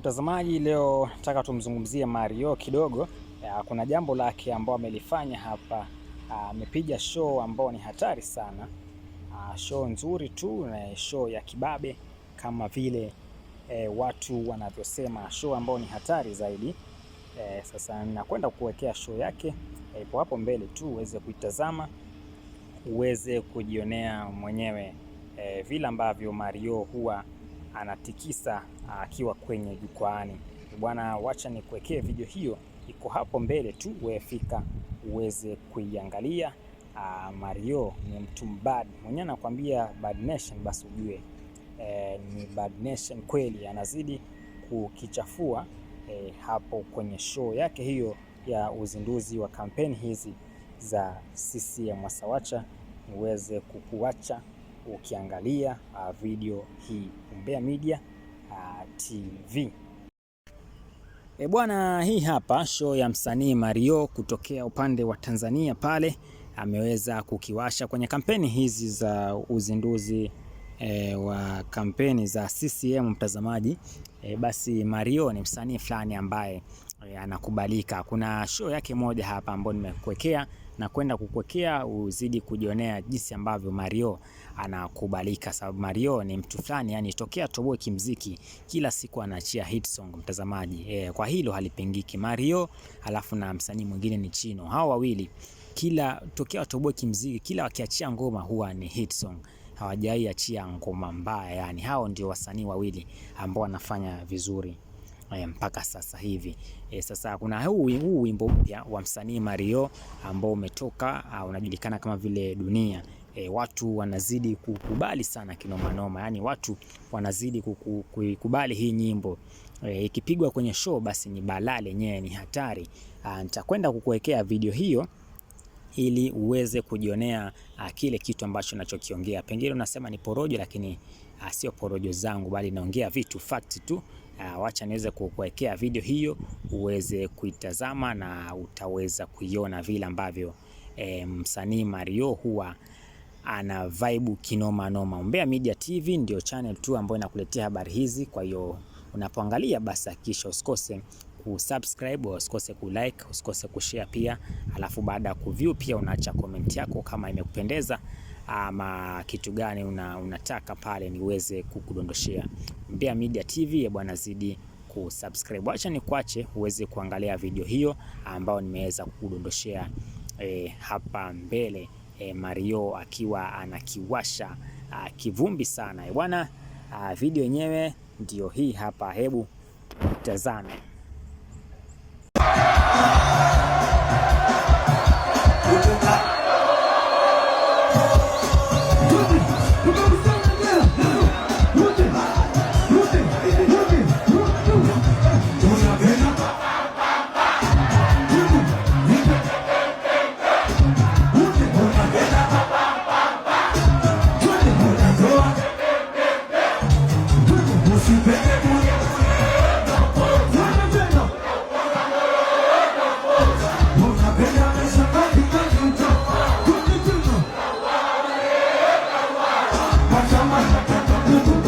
Mtazamaji, leo nataka tumzungumzie Mario kidogo. Kuna jambo lake ambao amelifanya hapa, amepiga show ambao ni hatari sana, show nzuri tu na show ya kibabe kama vile e, watu wanavyosema, show ambao ni hatari zaidi. E, sasa nakwenda kuwekea show yake e, ipo e, hapo mbele tu uweze kuitazama uweze kujionea mwenyewe e, vile ambavyo Mario huwa anatikisa ah, akiwa kwenye jukwaani. Bwana, wacha nikuwekee video hiyo, iko hapo mbele tu, wefika uweze kuiangalia. Ah, Mario ni mtu bad mwenyewe, anakuambia bad nation, basi ujue e, ni bad nation kweli, anazidi kukichafua e, hapo kwenye show yake hiyo ya uzinduzi wa kampeni hizi za CCM Wasawacha niweze kukuacha ukiangalia uh, video hii Umbea Media uh, TV. E bwana, hii hapa show ya msanii Mario kutokea upande wa Tanzania pale ameweza kukiwasha kwenye kampeni hizi za uzinduzi E, wa kampeni za CCM mtazamaji. E, basi Mario ni msanii fulani ambaye e, anakubalika. Kuna show yake moja hapa ambayo nimekuwekea na kwenda kukwekea uzidi kujionea jinsi ambavyo Mario anakubalika, sababu Mario ni mtu fulani, yani tokea toboe kimziki, kila siku anaachia hit song mtazamaji. E, kwa hilo halipingiki. Mario alafu na msanii mwingine ni Chino, hao wawili kila tokea toboe kimziki, kila wakiachia ngoma huwa ni hit song hawajaiachia ngoma mbaya, yani hao ndio wasanii wawili ambao wanafanya vizuri. Eh, mpaka sasa hivi. E, sasa kuna huu, huu wimbo mpya wa msanii Mario ambao umetoka ah, unajulikana kama vile Dunia. E, watu wanazidi kukubali sana kinomanoma, yani watu wanazidi kukubali hii nyimbo e, ikipigwa kwenye show basi ni balaa lenyewe, ni hatari. Ah, nitakwenda kukuwekea video hiyo ili uweze kujionea a, ah, kile kitu ambacho nachokiongea. Pengine unasema ni porojo, lakini sio porojo zangu, bali naongea vitu fact tu Ah, wacha niweze kukuwekea video hiyo uweze kuitazama na utaweza kuiona vile ambavyo e, msanii Mario huwa ana vibe kinoma noma. Umbea Media TV ndio channel tu ambayo inakuletea habari hizi, kwa hiyo unapoangalia basi hakikisha usikose kusubscribe, usikose kulike, usikose kushare pia, alafu baada ya kuview pia unaacha comment yako kama imekupendeza ama kitu gani una, unataka pale niweze kukudondoshea. Mbea Media TV ya bwana, zidi kusubscribe, acha ni kwache uweze kuangalia video hiyo ambayo nimeweza kukudondoshea e, hapa mbele e, Mario akiwa anakiwasha a, ah, kivumbi sana e bwana, ah, video yenyewe ndio hii hapa, hebu tazame. Thank you.